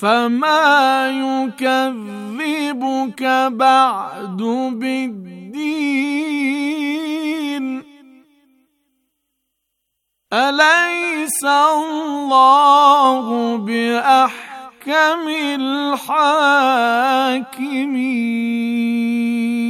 فما يكذبك بعد بالدين اليس الله باحكم الحاكمين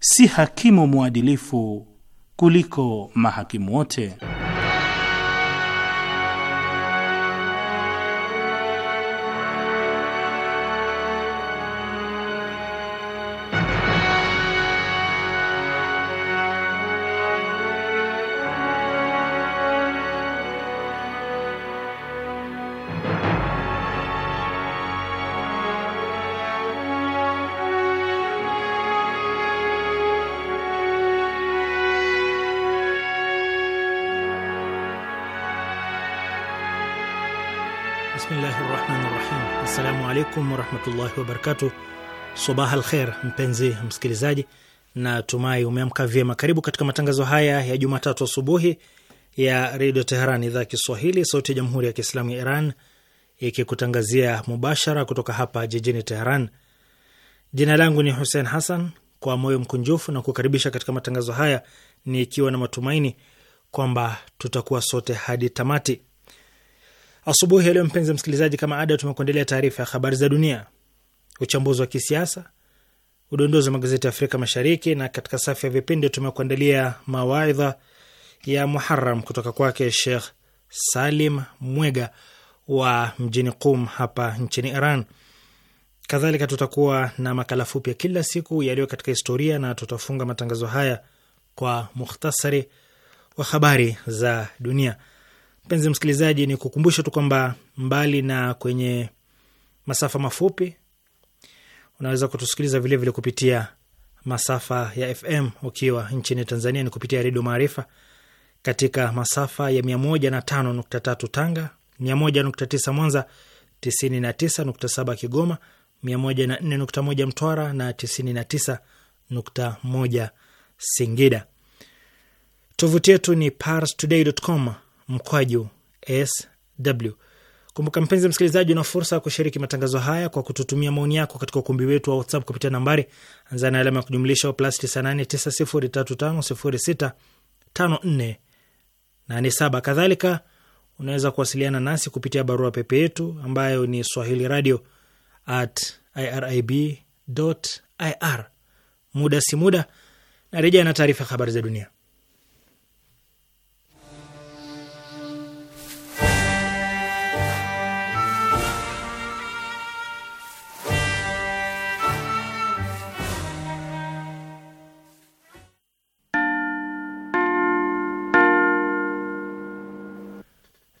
si hakimu mwadilifu kuliko mahakimu wote. alaikum warahmatullahi wabarakatu. Sabah al kher, mpenzi msikilizaji, na tumai umeamka vyema. Karibu katika matangazo haya ya Jumatatu asubuhi ya Redio Teheran, idhaa ya Kiswahili, sauti ya Jamhuri ya Kiislamu ya Iran, ikikutangazia mubashara kutoka hapa jijini Teheran. Jina langu ni Hussein Hassan, kwa moyo mkunjufu na kukaribisha katika matangazo haya ni ikiwa na matumaini kwamba tutakuwa sote hadi tamati. Asubuhi ya leo, mpenzi msikilizaji, kama ada, tumekuendelea taarifa ya habari za dunia, uchambuzi wa kisiasa, udondozi wa magazeti ya Afrika Mashariki, na katika safu ya vipindi tumekuandalia mawaidha ya muharam kutoka kwake shekh Salim Mwega wa mjini Qum hapa nchini Iran. Kadhalika tutakuwa na makala fupi ya kila siku yaliyo katika historia, na tutafunga matangazo haya kwa mukhtasari wa habari za dunia. Mpenzi msikilizaji, ni kukumbusha tu kwamba mbali na kwenye masafa mafupi, unaweza kutusikiliza vilevile vile kupitia masafa ya FM ukiwa nchini Tanzania ni kupitia Redio Maarifa katika masafa ya 105.3 Tanga, 101.9 Mwanza, 99.7 Kigoma, 104.1 Mtwara na 99.1 Singida. Tovuti yetu ni parstoday.com mkwaju sw. Kumbuka mpenzi msikilizaji, una fursa ya kushiriki matangazo haya kwa kututumia maoni yako katika ukumbi wetu wa WhatsApp kupitia nambari anza na alama ya kujumlisha plus 989035065487. Kadhalika unaweza kuwasiliana nasi kupitia barua pepe yetu ambayo ni swahili radio at irib ir. Muda si muda na reja na taarifa ya habari za dunia.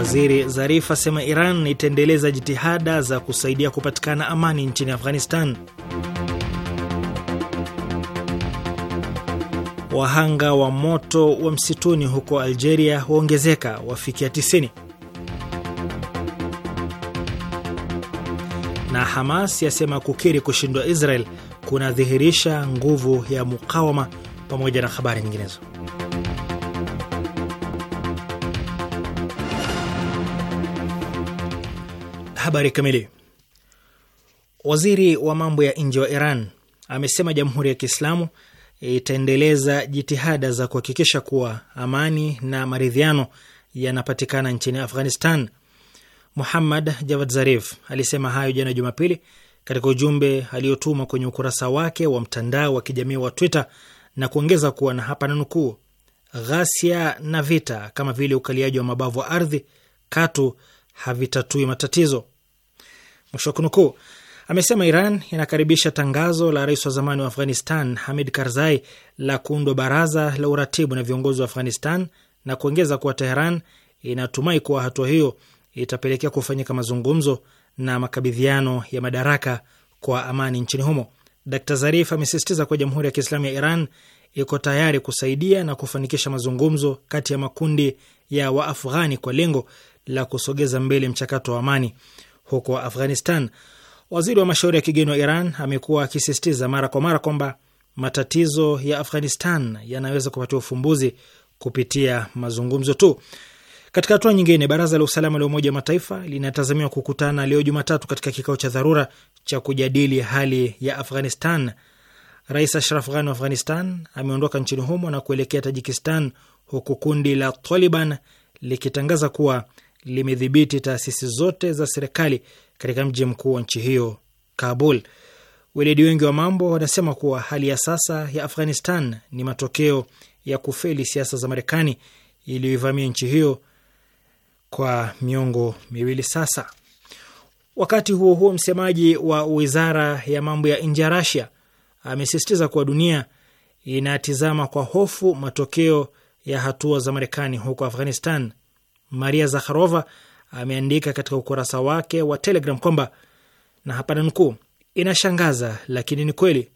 Waziri Zarif asema Iran itaendeleza jitihada za kusaidia kupatikana amani nchini Afghanistan. Wahanga wa moto wa msituni huko Algeria waongezeka wafikia 90. Na Hamas yasema kukiri kushindwa Israel kunadhihirisha nguvu ya mukawama, pamoja na habari nyinginezo. Habari kamili. Waziri wa mambo ya nje wa Iran amesema Jamhuri ya Kiislamu itaendeleza jitihada za kuhakikisha kuwa amani na maridhiano yanapatikana nchini Afghanistan. Muhammad Javad Zarif alisema hayo jana Jumapili katika ujumbe aliotuma kwenye ukurasa wake wa mtandao wa kijamii wa Twitter na kuongeza kuwa na hapa nanukuu, ghasia na vita kama vile ukaliaji wa mabavu wa ardhi katu havitatui matatizo. Mwisho wa kunukuu. Amesema Iran inakaribisha tangazo la rais wa zamani wa Afghanistan Hamid Karzai la kuundwa baraza la uratibu na viongozi wa Afghanistan na kuongeza kuwa Teheran inatumai kuwa hatua hiyo itapelekea kufanyika mazungumzo na makabidhiano ya madaraka kwa amani nchini humo. d Zarif amesisitiza kuwa Jamhuri ya Kiislamu ya Iran iko tayari kusaidia na kufanikisha mazungumzo kati ya makundi ya Waafghani kwa lengo la kusogeza mbele mchakato wa amani huko Afghanistan. Waziri wa mashauri ya kigeni wa Iran amekuwa akisisitiza mara kwa mara kwamba matatizo ya Afghanistan yanaweza kupatiwa ufumbuzi kupitia mazungumzo tu. Katika hatua nyingine, baraza la usalama la Umoja wa Mataifa linatazamiwa kukutana leo Jumatatu katika kikao cha dharura cha kujadili hali ya Afghanistan. Rais Ashraf Ghani wa Afghanistan ameondoka nchini humo na kuelekea Tajikistan, huku kundi la Taliban likitangaza kuwa limedhibiti taasisi zote za serikali katika mji mkuu wa nchi hiyo Kabul. Weledi wengi wa mambo wanasema kuwa hali ya sasa ya Afghanistan ni matokeo ya kufeli siasa za Marekani iliyoivamia nchi hiyo kwa miongo miwili sasa. Wakati huo huo, msemaji wa wizara ya mambo ya nje ya Rasia amesisitiza kuwa dunia inatizama kwa hofu matokeo ya hatua za Marekani huko Afghanistan Maria Zakharova ameandika katika ukurasa wake wa Telegram kwamba na hapana nukuu, inashangaza lakini ni kweli.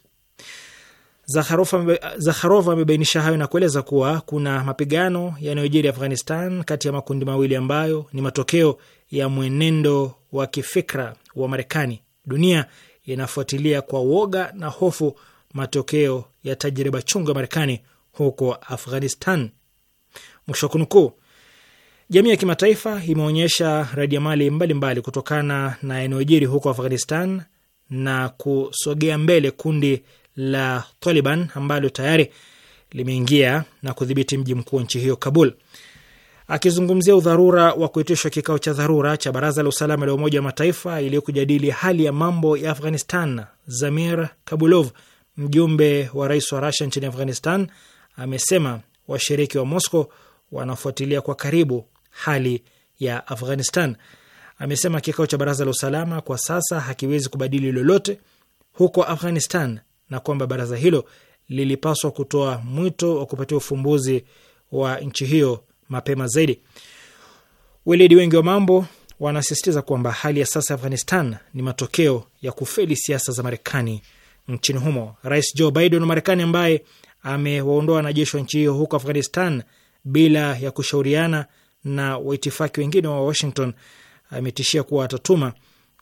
Zakharova amebainisha hayo na kueleza kuwa kuna mapigano yanayojiri Afghanistan kati ya makundi mawili ambayo ni matokeo ya mwenendo wa kifikra wa Marekani. Dunia inafuatilia kwa woga na hofu matokeo ya tajriba chungu ya Marekani huko Afghanistan, mwisho kunukuu. Jamii ya kimataifa imeonyesha radiamali mbalimbali kutokana na yanayojiri huko Afghanistan na kusogea mbele kundi la Taliban ambalo tayari limeingia na kudhibiti mji mkuu wa nchi hiyo Kabul. Akizungumzia udharura wa kuitishwa kikao cha dharura cha Baraza la Usalama la Umoja wa Mataifa ili kujadili hali ya mambo ya Afghanistan, Zamir Kabulov, mjumbe wa rais wa Rusia nchini Afghanistan, amesema washiriki wa Moscow wanafuatilia kwa karibu hali ya Afghanistan. Amesema kikao cha baraza la usalama kwa sasa hakiwezi kubadili lolote huko Afghanistan na kwamba baraza hilo lilipaswa kutoa mwito wa kupatia ufumbuzi wa nchi hiyo mapema zaidi. Weledi wengi wa mambo wanasisitiza kwamba hali ya sasa ya Afghanistan ni matokeo ya kufeli siasa za Marekani nchini humo. Rais Joe Biden wa Marekani, ambaye amewaondoa wanajeshi wa nchi hiyo huko Afghanistan bila ya kushauriana na waitifaki wengine wa Washington ametishia ah, kuwa atatuma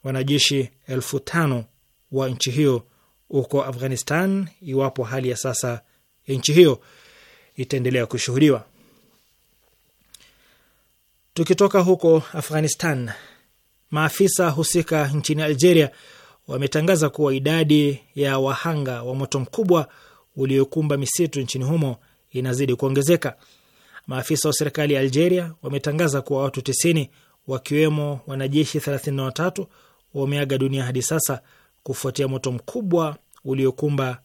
wanajeshi elfu tano wa nchi hiyo huko Afghanistan iwapo hali ya sasa ya nchi hiyo itaendelea kushuhudiwa. Tukitoka huko Afghanistan, maafisa husika nchini Algeria wametangaza kuwa idadi ya wahanga wa moto mkubwa uliokumba misitu nchini humo inazidi kuongezeka. Maafisa wa serikali ya Algeria wametangaza kuwa watu 90 wakiwemo wanajeshi 33 wameaga dunia hadi sasa kufuatia moto mkubwa uliokumba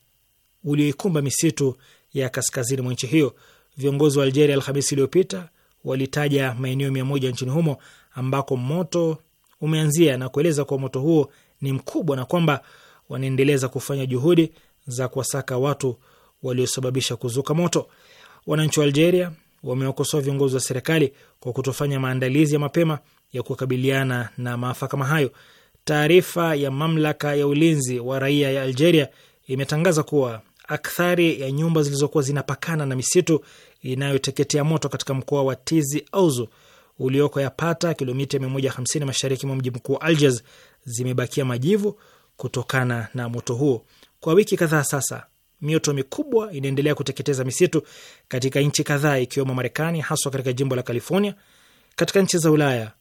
ulioikumba misitu ya kaskazini mwa nchi hiyo. Viongozi wa Algeria Alhamisi iliyopita walitaja maeneo mia moja nchini humo ambako moto umeanzia na kueleza kuwa moto huo ni mkubwa na kwamba wanaendeleza kufanya juhudi za kuwasaka watu waliosababisha kuzuka moto. Wananchi wa Algeria wamewakosoa viongozi wa serikali kwa kutofanya maandalizi ya mapema ya kukabiliana na maafa kama hayo. Taarifa ya mamlaka ya ulinzi wa raia ya Algeria imetangaza kuwa akthari ya nyumba zilizokuwa zinapakana na misitu inayoteketea moto katika mkoa wa Tizi Ouzou ulioko yapata kilomita 150 mashariki mwa mji mkuu wa Algiers zimebakia majivu kutokana na moto huo. Kwa wiki kadhaa sasa, mioto mikubwa inaendelea kuteketeza misitu katika nchi kadhaa ikiwemo Marekani, haswa katika jimbo la California, katika nchi za Ulaya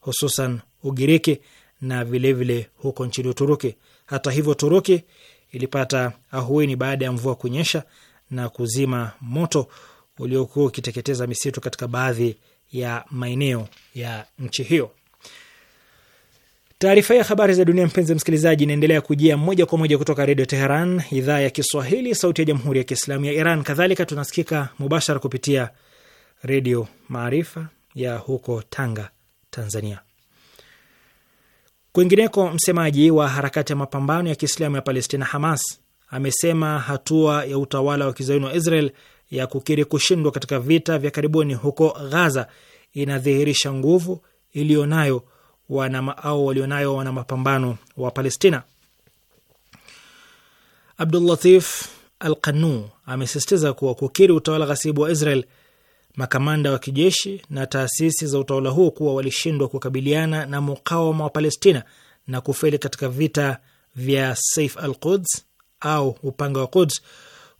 hususan Ugiriki na vilevile vile huko nchini Uturuki. Hata hivyo, Uturuki ilipata ahueni baada ya mvua kunyesha na kuzima moto uliokuwa ukiteketeza misitu katika baadhi ya maeneo ya nchi hiyo. Taarifa ya habari za dunia, mpenzi msikilizaji, inaendelea kujia moja kwa moja kutoka Redio Teheran, idhaa ya Kiswahili, sauti ya jamhuri ya kiislamu ya Iran. Kadhalika tunasikika mubashara kupitia Redio Maarifa ya huko Tanga, Tanzania. Kwingineko, msemaji wa harakati ya mapambano ya kiislamu ya Palestina, Hamas, amesema hatua ya utawala wa kizayuni wa Israel ya kukiri kushindwa katika vita vya karibuni huko Ghaza inadhihirisha nguvu iliyonayo wana au walionayo wana mapambano wa Palestina. Abdulatif Al Qanu amesisitiza kuwa kukiri utawala ghasibu wa Israel, makamanda wa kijeshi na taasisi za utawala huo kuwa walishindwa kukabiliana na mukawama wa Palestina na kufeli katika vita vya Saif al Quds au upanga wa Quds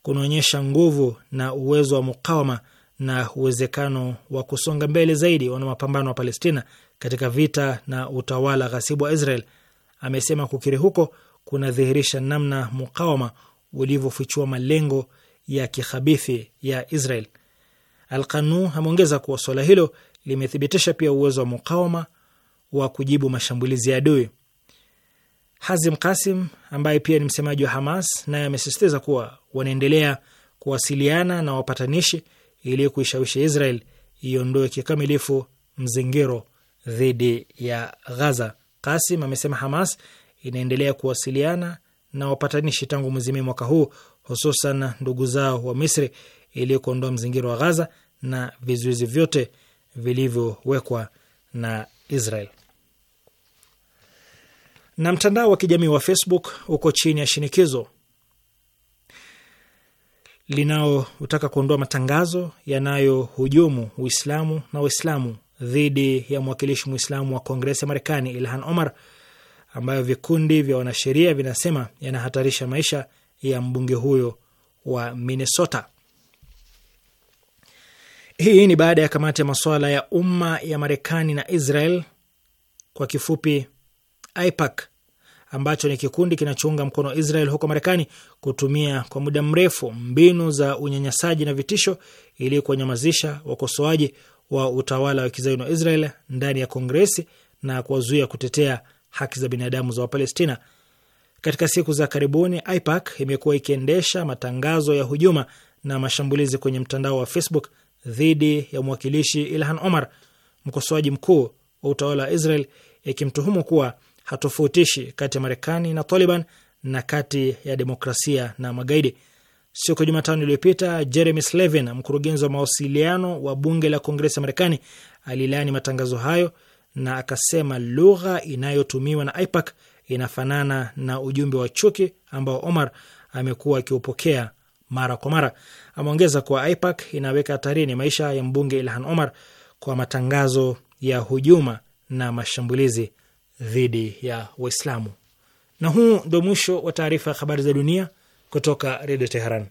kunaonyesha nguvu na uwezo wa mukawama na uwezekano wa kusonga mbele zaidi wana mapambano wa Palestina katika vita na utawala ghasibu wa Israel, amesema kukiri huko kunadhihirisha namna mukawama ulivyofichua malengo ya kikhabithi ya Israel. Alkanu ameongeza kuwa swala hilo limethibitisha pia uwezo wa mukawama wa kujibu mashambulizi ya adui. Hazim Kasim ambaye pia ni msemaji wa Hamas naye amesisitiza kuwa wanaendelea kuwasiliana na wapatanishi ili kuishawishi Israel iondoe kikamilifu mzingiro dhidi ya Ghaza. Kasim amesema Hamas inaendelea kuwasiliana na wapatanishi tangu mwezi Mei mwaka huu, hususan ndugu zao wa Misri ili kuondoa mzingiro wa Ghaza na vizuizi vyote vilivyowekwa na Israel. Na mtandao wa kijamii wa Facebook uko chini ya shinikizo linaotaka kuondoa matangazo yanayohujumu Uislamu na Waislamu dhidi ya mwakilishi mwislamu wa Kongresi ya Marekani Ilhan Omar, ambayo vikundi vya wanasheria vinasema yanahatarisha maisha ya mbunge huyo wa Minnesota. Hii ni baada ya kamati ya masuala ya umma ya Marekani na Israel, kwa kifupi AIPAC, ambacho ni kikundi kinachounga mkono Israel huko Marekani, kutumia kwa muda mrefu mbinu za unyanyasaji na vitisho ili kuwanyamazisha wakosoaji wa utawala wa kizayuni wa Israel ndani ya Kongresi na kuwazuia kutetea haki za binadamu za Wapalestina. Katika siku za karibuni, IPAC imekuwa ikiendesha matangazo ya hujuma na mashambulizi kwenye mtandao wa Facebook dhidi ya mwakilishi Ilhan Omar, mkosoaji mkuu wa utawala wa Israel, ikimtuhumu kuwa hatofautishi kati ya Marekani na Taliban na kati ya demokrasia na magaidi. Siku ya Jumatano iliyopita, Jeremy Slevin, mkurugenzi wa mawasiliano wa bunge la Kongresi ya Marekani, alilaani matangazo hayo na akasema lugha inayotumiwa na ipak inafanana na ujumbe wa chuki ambao Omar amekuwa akiupokea mara kwa mara. Ameongeza kuwa IPAC inaweka hatarini maisha ya mbunge Ilhan Omar kwa matangazo ya hujuma na mashambulizi dhidi ya Waislamu. Na huu ndio mwisho wa taarifa ya habari za dunia kutoka Redio Teheran.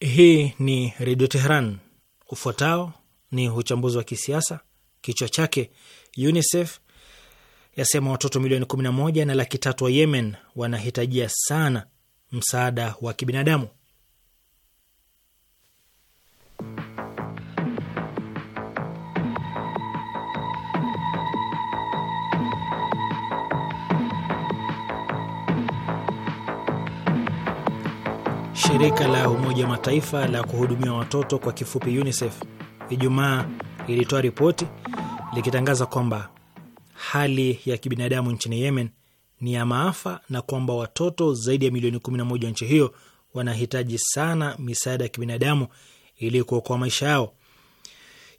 Hii ni Redio Teheran. Ufuatao ni uchambuzi wa kisiasa, kichwa chake UNICEF yasema watoto milioni 11 na laki tatu wa Yemen wanahitajia sana msaada wa kibinadamu. Shirika la Umoja Mataifa la kuhudumia watoto kwa kifupi UNICEF Ijumaa ilitoa ripoti likitangaza kwamba hali ya kibinadamu nchini Yemen ni ya maafa na kwamba watoto zaidi ya milioni 11 wa nchi hiyo wanahitaji sana misaada ya kibinadamu ili kuokoa maisha yao.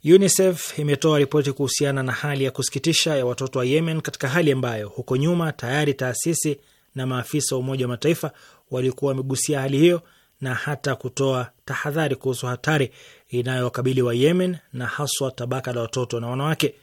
UNICEF imetoa ripoti kuhusiana na hali ya kusikitisha ya watoto wa Yemen katika hali ambayo huko nyuma tayari taasisi na maafisa wa Umoja wa Mataifa walikuwa wamegusia hali hiyo na hata kutoa tahadhari kuhusu hatari inayowakabili wa Yemen na haswa tabaka la watoto na wanawake.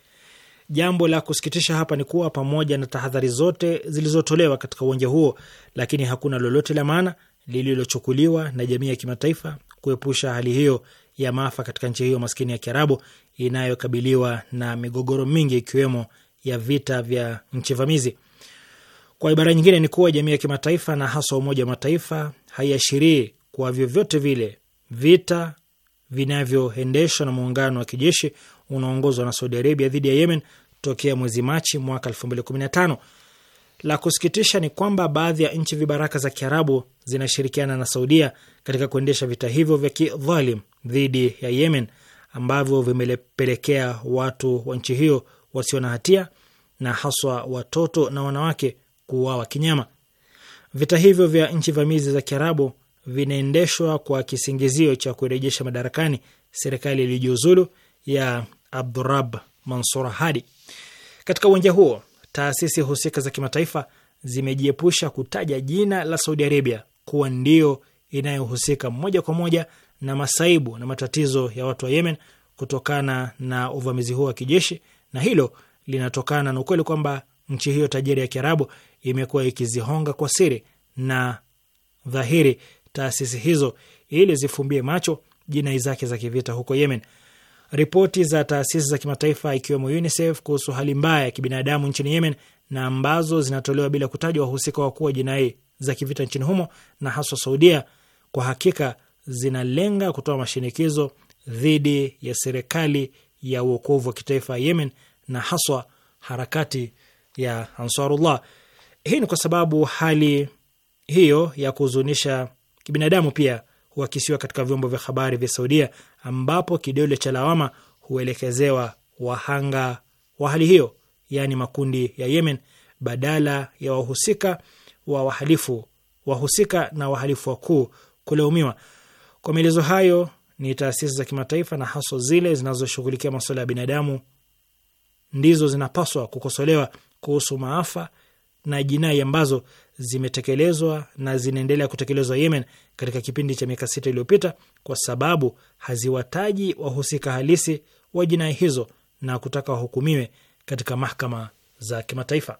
Jambo la kusikitisha hapa ni kuwa pamoja na tahadhari zote zilizotolewa katika uwanja huo, lakini hakuna lolote la maana lililochukuliwa na jamii ya kimataifa kuepusha hali hiyo ya maafa katika nchi hiyo maskini ya Kiarabu inayokabiliwa na migogoro mingi ikiwemo ya vita vya nchi vamizi. Kwa ibara nyingine ni kuwa jamii ya kimataifa na haswa Umoja wa Mataifa haiashirii kwa vyovyote vile vita vinavyoendeshwa na muungano wa kijeshi unaoongozwa na Saudi Arabia dhidi ya Yemen tokea mwezi Machi mwaka 2015. La kusikitisha ni kwamba baadhi ya nchi vibaraka za Kiarabu zinashirikiana na Saudia katika kuendesha vita hivyo vya kidhalim dhidi ya Yemen ambavyo vimepelekea watu wa nchi hiyo wasio na hatia na haswa watoto na wanawake kuuawa kinyama. Vita hivyo vya nchi vamizi za Kiarabu vinaendeshwa kwa kisingizio cha kurejesha madarakani serikali iliyojiuzulu ya Abdurab Mansur Hadi. Katika uwanja huo, taasisi husika za kimataifa zimejiepusha kutaja jina la Saudi Arabia kuwa ndio inayohusika moja kwa moja na masaibu na matatizo ya watu wa Yemen kutokana na uvamizi huo wa kijeshi, na hilo linatokana na ukweli kwamba nchi hiyo tajiri ya Kiarabu imekuwa ikizihonga kwa siri na dhahiri taasisi hizo ili zifumbie macho jinai zake za kivita huko Yemen. Ripoti za taasisi za kimataifa ikiwemo UNICEF kuhusu hali mbaya ya kibinadamu nchini Yemen na ambazo zinatolewa bila kutajwa wahusika wakuu wa jinai za kivita nchini humo na haswa Saudia, kwa hakika zinalenga kutoa mashinikizo dhidi ya serikali ya uokovu wa kitaifa ya Yemen na haswa harakati ya Ansarullah. Hii ni kwa sababu hali hiyo ya kuhuzunisha kibinadamu pia huakisiwa katika vyombo vya habari vya Saudia ambapo kidole cha lawama huelekezewa wahanga wa hali hiyo, yaani makundi ya Yemen badala ya wahusika wa wahalifu wahusika na wahalifu wakuu kulaumiwa. Kwa maelezo hayo, ni taasisi za kimataifa na haswa zile zinazoshughulikia masuala ya binadamu ndizo zinapaswa kukosolewa kuhusu maafa na jinai ambazo zimetekelezwa na zinaendelea kutekelezwa Yemen katika kipindi cha miaka sita iliyopita, kwa sababu haziwataji wahusika halisi wa jinai hizo na kutaka wahukumiwe katika mahakama za kimataifa.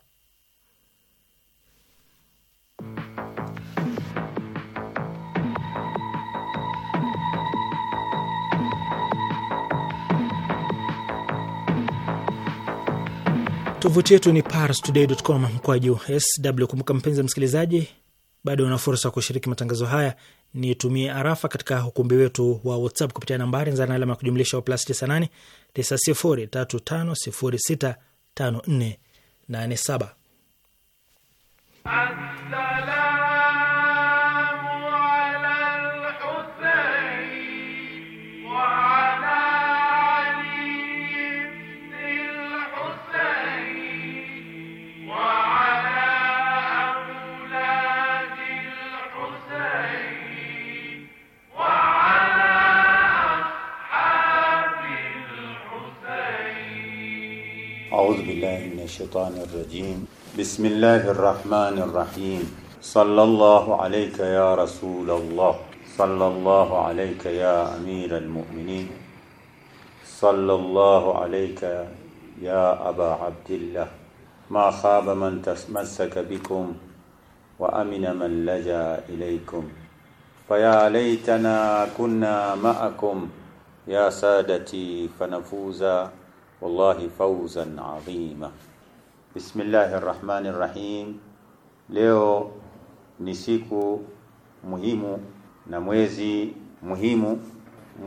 Tovuti yetu ni parstoday.com juu sw. Kumbuka mpenzi msikilizaji, bado una fursa ya kushiriki matangazo haya, nitumie arafa katika ukumbi wetu wa WhatsApp kupitia nambari nzana alama ya kujumlisha wa plus 98 935065487. الشيطان الرجيم بسم الله الرحمن الرحيم صلى الله عليك يا رسول الله صلى الله عليك يا أمير المؤمنين صلى الله عليك يا أبا عبد الله ما خاب من تمسك بكم وأمن من لجأ إليكم فيا ليتنا كنا معكم يا سادتي فنفوز والله فوزا عظيما Bismillahi rahmani rahim. Leo ni siku muhimu na mwezi muhimu,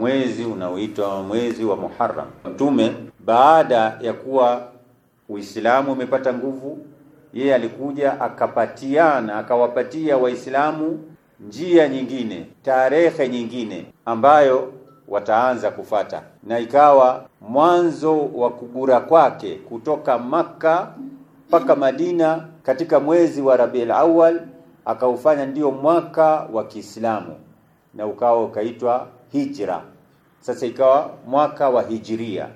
mwezi unaoitwa mwezi wa Muharram. Mtume baada ya kuwa Uislamu umepata nguvu, yeye alikuja akapatiana, akawapatia Waislamu njia nyingine, tarehe nyingine ambayo wataanza kufata, na ikawa mwanzo wa kugura kwake kutoka Makka mpaka Madina katika mwezi wa Rabiul awal akaufanya ndio mwaka wa Kiislamu na ukawa ukaitwa hijra. Sasa ikawa mwaka wa hijiria.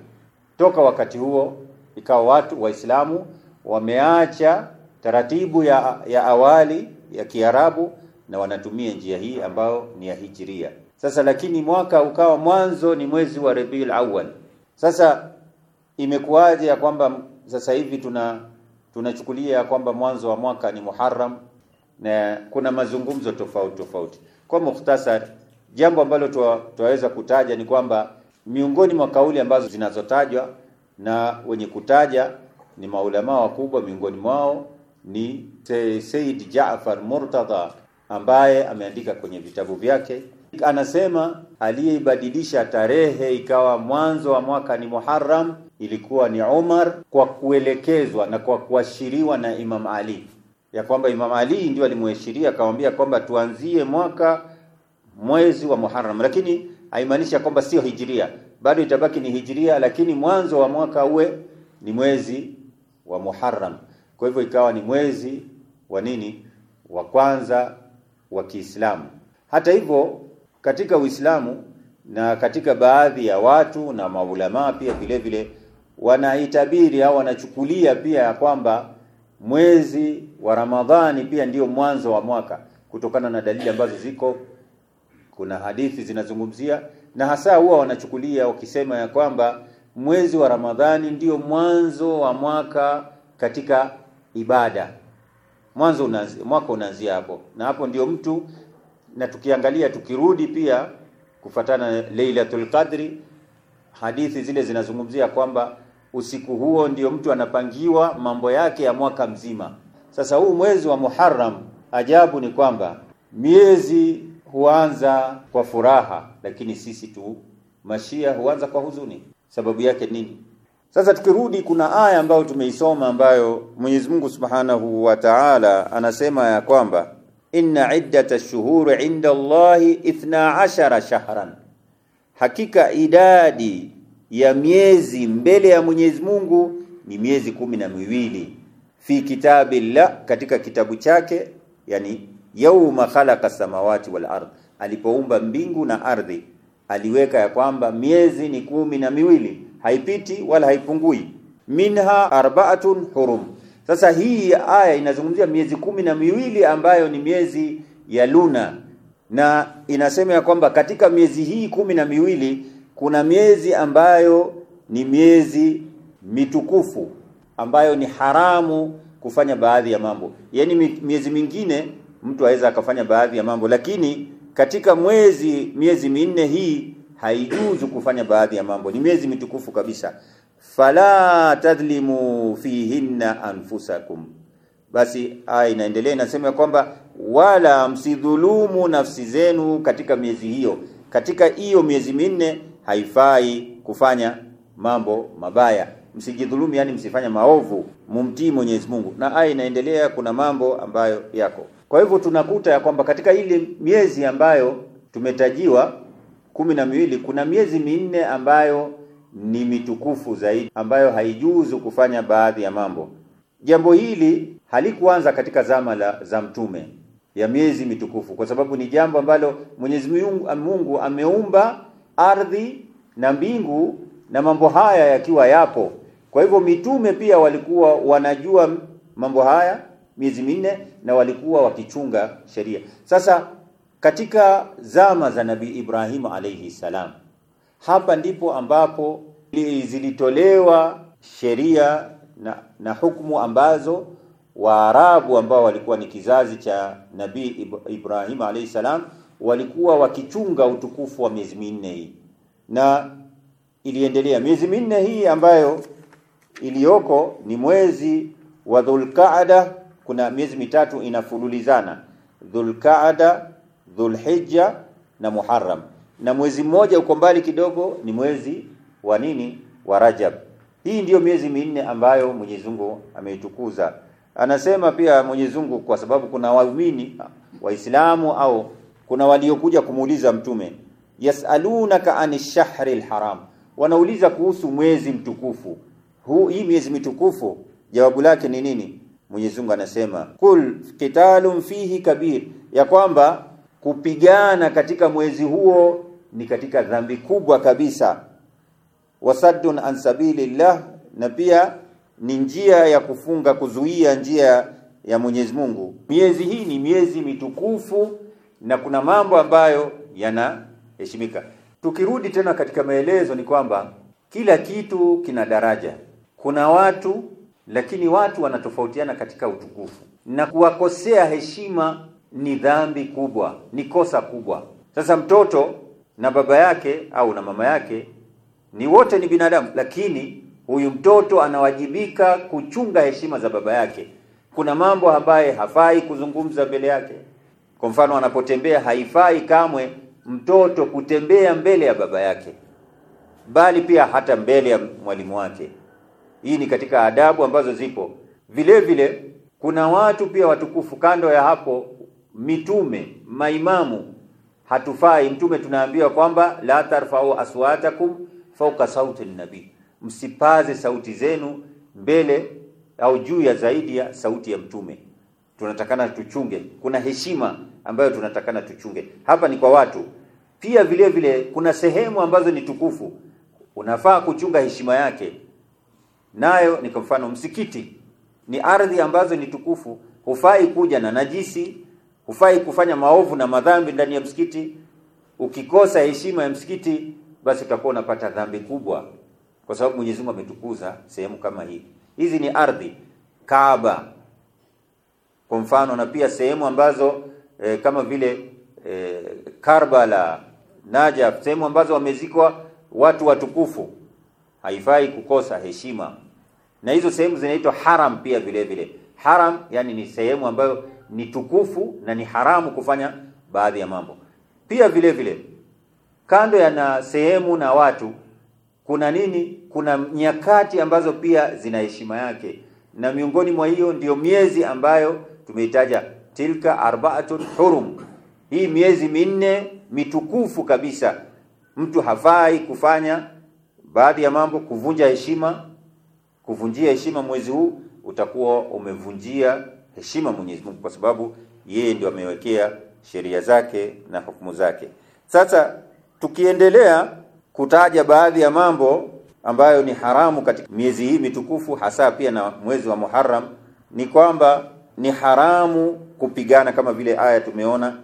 Toka wakati huo ikawa watu Waislamu wameacha taratibu ya, ya awali ya Kiarabu na wanatumia njia hii ambayo ni ya hijiria. Sasa lakini mwaka ukawa mwanzo ni mwezi wa Rabiul awal Sasa imekuwaje ya kwamba sasa hivi tuna tunachukulia kwamba mwanzo wa mwaka ni Muharram na kuna mazungumzo tofauti tofauti. Kwa mukhtasar, jambo ambalo tuwaweza kutaja ni kwamba miongoni mwa kauli ambazo zinazotajwa na wenye kutaja ni maulamaa wakubwa, miongoni mwao ni Sayyid Jaafar Murtada ambaye ameandika kwenye vitabu vyake Anasema aliyeibadilisha tarehe ikawa mwanzo wa mwaka ni Muharram ilikuwa ni Umar, kwa kuelekezwa na kwa kuashiriwa na Imam Ali, ya kwamba Imam Ali ndio alimuashiria akamwambia kwamba tuanzie mwaka mwezi wa Muharram, lakini haimaanisha kwamba sio hijiria, bado itabaki ni hijiria, lakini mwanzo wa mwaka uwe ni mwezi wa Muharram. Kwa hivyo ikawa ni mwezi wa nini wa kwanza wa Kiislamu. Hata hivyo katika Uislamu na katika baadhi ya watu na maulamaa pia vile vile wanaitabiri au wanachukulia pia ya kwamba mwezi wa Ramadhani pia ndiyo mwanzo wa mwaka kutokana na dalili ambazo ziko. Kuna hadithi zinazungumzia na hasa huwa wanachukulia wakisema ya kwamba mwezi wa Ramadhani ndiyo mwanzo wa mwaka katika ibada. Mwanzo unaanzia, mwaka unaanzia hapo, na hapo ndio mtu na tukiangalia tukirudi pia kufatana na Lailatul Qadri, hadithi zile zinazungumzia kwamba usiku huo ndio mtu anapangiwa mambo yake ya mwaka mzima. Sasa huu mwezi wa Muharram, ajabu ni kwamba miezi huanza kwa furaha, lakini sisi tu mashia huanza kwa huzuni. Sababu yake nini? Sasa tukirudi, kuna aya ambayo tumeisoma ambayo Mwenyezi Mungu Subhanahu wa Ta'ala anasema ya kwamba inna ash shuhuri inda Allahi 12 shahran, hakika idadi ya miezi mbele ya Mwenyezi Mungu ni miezi kumi na miwili. Fi la katika kitabu chake, yani yauma khalaqa samawati wal ard alipoumba mbingu na ardhi aliweka ya kwamba miezi ni kumi na miwili, haipiti wala haipungui. Minha arbaatun hurum sasa hii aya inazungumzia miezi kumi na miwili ambayo ni miezi ya luna, na inasema ya kwamba katika miezi hii kumi na miwili kuna miezi ambayo ni miezi mitukufu ambayo ni haramu kufanya baadhi ya mambo. Yaani miezi mingine mtu aweza akafanya baadhi ya mambo, lakini katika mwezi miezi minne hii haijuzu kufanya baadhi ya mambo, ni miezi mitukufu kabisa fala tadhlimu fihinna anfusakum. Basi aya inaendelea inasema kwamba wala msidhulumu nafsi zenu katika miezi hiyo. Katika hiyo miezi minne haifai kufanya mambo mabaya, msijidhulumu, yani msifanya maovu, mumtii Mwenyezi Mungu. Na aya inaendelea, kuna mambo ambayo yako. Kwa hivyo tunakuta ya kwamba katika ile miezi ambayo tumetajiwa kumi na miwili, kuna miezi minne ambayo ni mitukufu zaidi ambayo haijuzu kufanya baadhi ya mambo. Jambo hili halikuanza katika zama la za mtume ya miezi mitukufu, kwa sababu ni jambo ambalo Mwenyezi Mungu ameumba ardhi na mbingu na mambo haya yakiwa yapo. Kwa hivyo mitume pia walikuwa wanajua mambo haya miezi minne na walikuwa wakichunga sheria. Sasa katika zama za Nabii Ibrahim alayhi salam hapa ndipo ambapo zilitolewa sheria na, na hukumu ambazo Waarabu ambao walikuwa ni kizazi cha Nabii Ibrahim alayhi salam walikuwa wakichunga utukufu wa miezi minne hii, na iliendelea miezi minne hii ambayo iliyoko ni mwezi wa Dhulqaada. Kuna miezi mitatu inafululizana: Dhulqaada, Dhulhijja na Muharram na mwezi mmoja uko mbali kidogo ni mwezi wa nini wa Rajab. Hii ndiyo miezi minne ambayo Mwenyezi Mungu ameitukuza. Anasema pia Mwenyezi Mungu kwa sababu kuna waumini Waislamu au kuna waliokuja kumuuliza mtume yasalunaka ani shahri lharam, wanauliza kuhusu mwezi mtukufu huu, hii miezi mitukufu. Jawabu lake ni nini? Mwenyezi Mungu anasema kul kitalum fihi kabir, ya kwamba kupigana katika mwezi huo ni katika dhambi kubwa kabisa. Wasaddun an sabilillah, na pia ni njia ya kufunga kuzuia njia ya Mwenyezi Mungu. Miezi hii ni miezi mitukufu na kuna mambo ambayo yanaheshimika. Tukirudi tena katika maelezo, ni kwamba kila kitu kina daraja. Kuna watu lakini watu wanatofautiana katika utukufu, na kuwakosea heshima ni dhambi kubwa, ni kosa kubwa. Sasa mtoto na baba yake au na mama yake ni wote ni binadamu, lakini huyu mtoto anawajibika kuchunga heshima za baba yake. Kuna mambo ambaye hafai kuzungumza mbele yake. Kwa mfano, anapotembea haifai kamwe mtoto kutembea mbele ya baba yake, bali pia hata mbele ya mwalimu wake. Hii ni katika adabu ambazo zipo. Vile vile kuna watu pia watukufu kando ya hapo, mitume, maimamu hatufai. Mtume tunaambiwa kwamba la tarfau aswatakum fawqa sauti nabi msipaze sauti zenu mbele au juu ya zaidi ya sauti ya Mtume. Tunatakana tuchunge, kuna heshima ambayo tunatakana tuchunge. Hapa ni kwa watu pia vile vile, kuna sehemu ambazo ni tukufu, unafaa kuchunga heshima yake, nayo ni kwa mfano msikiti. Ni ardhi ambazo ni tukufu, hufai kuja na najisi hufai kufanya maovu na madhambi ndani ya msikiti. Ukikosa heshima ya msikiti, basi utakuwa unapata dhambi kubwa, kwa sababu Mwenyezi Mungu ametukuza sehemu kama hii. Hizi ni ardhi Kaaba kwa mfano, na pia sehemu ambazo e, kama vile e, Karbala, Najaf, sehemu ambazo wamezikwa watu watukufu, haifai kukosa heshima, na hizo sehemu zinaitwa haram pia vile vile. Haram yani ni sehemu ambayo ni tukufu na ni haramu kufanya baadhi ya mambo. Pia vile vile kando ya na sehemu na watu kuna nini? Kuna nyakati ambazo pia zina heshima yake, na miongoni mwa hiyo ndiyo miezi ambayo tumeitaja, tilka arba'atun hurum, hii miezi minne mitukufu kabisa. Mtu hafai kufanya baadhi ya mambo, kuvunja heshima, kuvunjia heshima mwezi huu, utakuwa umevunjia heshima Mwenyezi Mungu, kwa sababu yeye ndio amewekea sheria zake na hukumu zake. Sasa tukiendelea kutaja baadhi ya mambo ambayo ni haramu katika miezi hii mitukufu, hasa pia na mwezi wa Muharram, ni kwamba ni haramu kupigana, kama vile aya tumeona,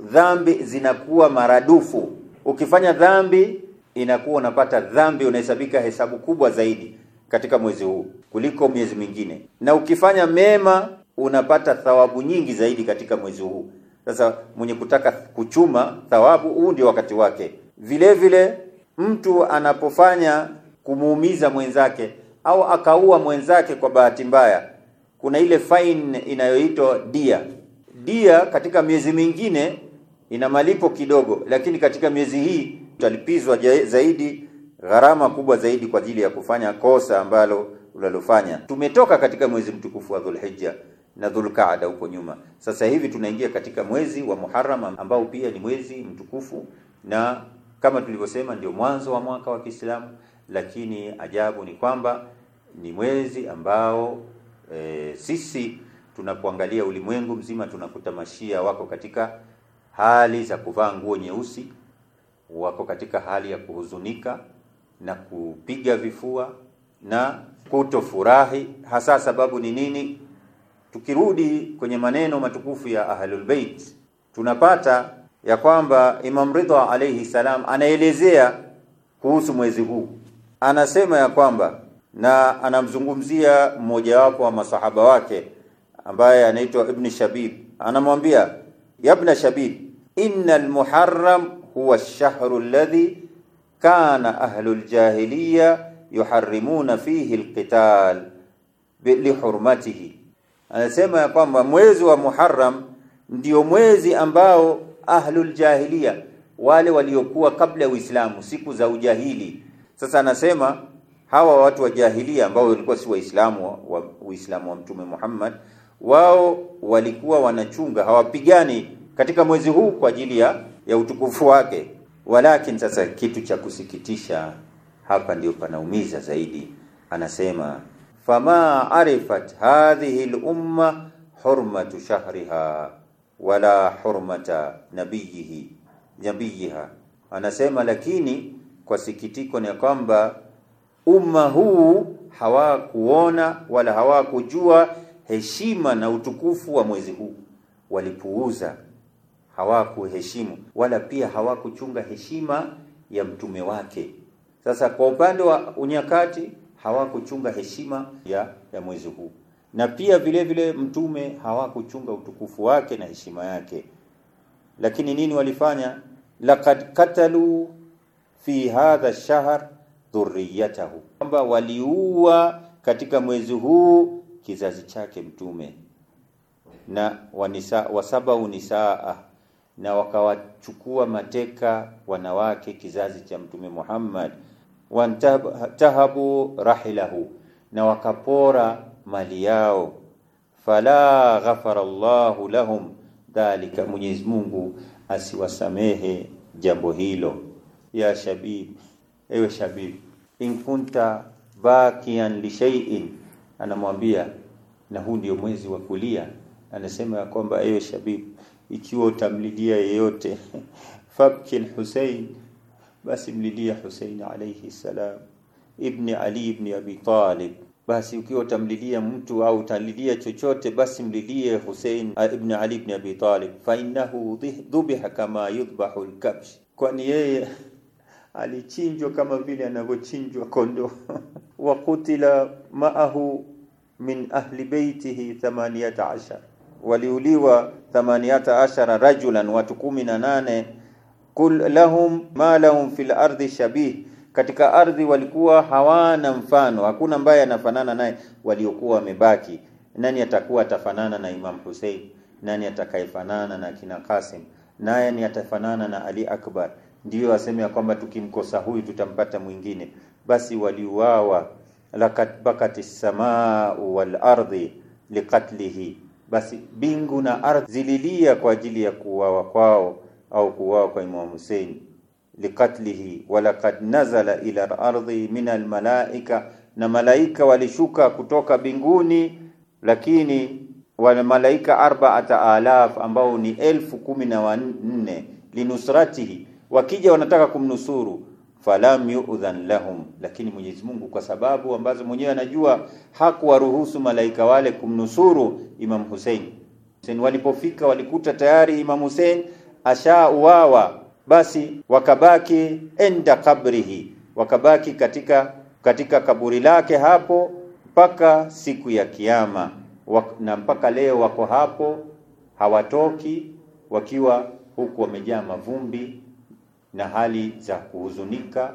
dhambi zinakuwa maradufu. Ukifanya dhambi inakuwa unapata dhambi, unahesabika hesabu kubwa zaidi katika mwezi huu kuliko miezi mingine, na ukifanya mema unapata thawabu nyingi zaidi katika mwezi huu. Sasa mwenye kutaka kuchuma thawabu, huu ndio wakati wake. Vile vile mtu anapofanya kumuumiza mwenzake au akaua mwenzake kwa bahati mbaya, kuna ile fine inayoitwa dia. Dia katika miezi mingine ina malipo kidogo, lakini katika miezi hii utalipizwa zaidi, gharama kubwa zaidi kwa ajili ya kufanya kosa ambalo ulalofanya. Tumetoka katika mwezi mtukufu wa Dhulhijja na Dhulqaada huko nyuma. Sasa hivi tunaingia katika mwezi wa Muharram ambao pia ni mwezi mtukufu, na kama tulivyosema ndio mwanzo wa mwaka wa Kiislamu, lakini ajabu ni kwamba ni mwezi ambao e, sisi tunapoangalia ulimwengu mzima tunakuta mashia wako katika hali za kuvaa nguo nyeusi, wako katika hali ya kuhuzunika na kupiga vifua na kutofurahi. Hasa sababu ni nini? Tukirudi kwenye maneno matukufu ya Ahlul Bait tunapata ya kwamba Imam Ridha alayhi salam anaelezea kuhusu mwezi huu, anasema ya kwamba na anamzungumzia mmojawapo wa masahaba wake ambaye anaitwa Ibn Shabib, anamwambia yabna Shabib, innal muharram huwa ash-shahru alladhi kana ahlul jahiliya yuharrimuna fihi alqital lihurmatihi anasema ya kwamba mwezi wa Muharram ndio mwezi ambao ahlul jahiliya wale waliokuwa kabla ya Uislamu siku za ujahili. Sasa anasema hawa watu wa jahilia ambao walikuwa si Waislamu wa Uislamu wa Mtume Muhammad, wao walikuwa wanachunga, hawapigani katika mwezi huu kwa ajili ya, ya utukufu wake. Walakin sasa kitu cha kusikitisha hapa ndio panaumiza zaidi, anasema fama arifat hadhihi lumma hurmatu shahriha wala hurmata nabiyihi nabiyiha. Anasema lakini kwa sikitiko ni kwamba umma huu hawakuona wala hawakujua heshima na utukufu wa mwezi huu, walipuuza, hawakuheshimu wala pia hawakuchunga heshima ya mtume wake. Sasa kwa upande wa unyakati hawakuchunga heshima ya, ya mwezi huu na pia vile vile mtume hawakuchunga utukufu wake na heshima yake. Lakini nini walifanya? Laqad katalu fi hadha shahr dhurriyatahu, kwamba waliua katika mwezi huu kizazi chake mtume, na wanisa, wasabau nisaa, na wakawachukua mateka wanawake kizazi cha mtume Muhammad wantahabu rahilahu, na wakapora mali yao. Fala ghafara Allahu lahum dhalika, Mwenyezi Mungu asiwasamehe jambo hilo. Ya shabib, ewe shabib, in kunta bakian li shay'in, anamwambia na huu ndio mwezi wa kulia, anasema ya kwamba ewe shabib, ikiwa utamlilia yeyote fabkin Hussein basi mlilia Husaini alayhi salam, ibn Ali ibn Abi Talib. Basi ukiwa utamlilia mtu au utalilia chochote, basi mlilie Husein ah, ibn Ali ibn Abi Talib, fa innahu dhubiha kama yudbahu al-kabsh, kwani yeye alichinjwa kama vile anavyochinjwa kondo wa kutila maahu min ahli beitihi 18 waliuliwa 18 rajulan, watu kumi na nane kul lahum ma lahum fil ardi shabih, katika ardhi walikuwa hawana mfano, hakuna mbaya anafanana naye waliokuwa wamebaki. Nani atakuwa atafanana na Imam Hussein? Nani atakayefanana na kina Qasim? Naye ni atafanana na Ali Akbar? ndio aseme ya kwamba tukimkosa huyu tutampata mwingine. Basi waliuawa, lakat bakatis samau wal ardi liqatlihi, basi bingu na ardhi zililia kwa ajili ya kuuawa kwao au kuuawa kwa Imam Hussein likatlihi walakad nazala ila al-ardi min almalaika, na malaika walishuka kutoka binguni, lakini wale malaika arba ataalaf ambao ni elfu kumi na wanne linusratihi, wakija wanataka kumnusuru falam yu'dhan lahum, lakini Mwenyezi Mungu kwa sababu ambazo mwenyewe anajua hakuwaruhusu malaika wale kumnusuru Imam Hussein. Hussein walipofika walikuta tayari Imam Hussein ashauawa, basi wakabaki enda kabrihi, wakabaki katika katika kaburi lake hapo mpaka siku ya Kiyama, na mpaka leo wako hapo hawatoki, wakiwa huku wamejaa mavumbi na hali za kuhuzunika,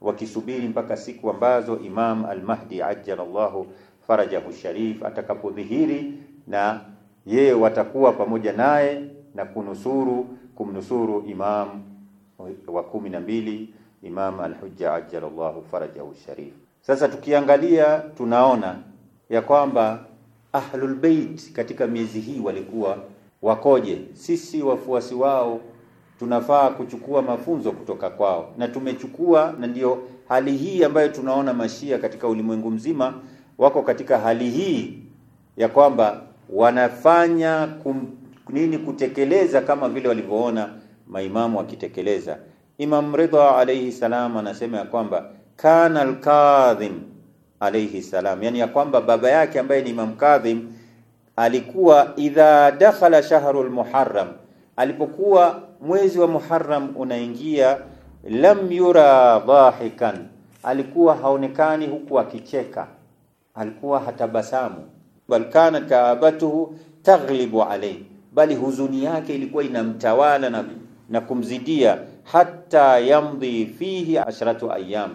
wakisubiri mpaka siku ambazo Imam Al-Mahdi ajjalallahu farajahu sharif atakapodhihiri, na yeye watakuwa pamoja naye na kunusuru kumnusuru imam wa kumi na mbili Imam Alhujja ajalallahu farajahu sharif. Sasa tukiangalia tunaona ya kwamba Ahlul Bait katika miezi hii walikuwa wakoje. Sisi wafuasi wao tunafaa kuchukua mafunzo kutoka kwao, na tumechukua, na ndio hali hii ambayo tunaona mashia katika ulimwengu mzima wako katika hali hii ya kwamba wanafanya kum nini kutekeleza kama vile walivyoona maimamu akitekeleza. Imam Ridha alayhi salam anasema ya kwamba kana al-Kadhim alayhi salam, yani ya kwamba baba yake ambaye ni Imam Kadhim alikuwa idha dakhala shahrul muharram, alipokuwa mwezi wa Muharram unaingia, lam yura dhahikan, alikuwa haonekani huku akicheka, alikuwa hatabasamu, bal kana kaabatuhu taghlibu alayhi bali huzuni yake ilikuwa inamtawala na, na kumzidia hata yamdhi fihi asharatu ayyam,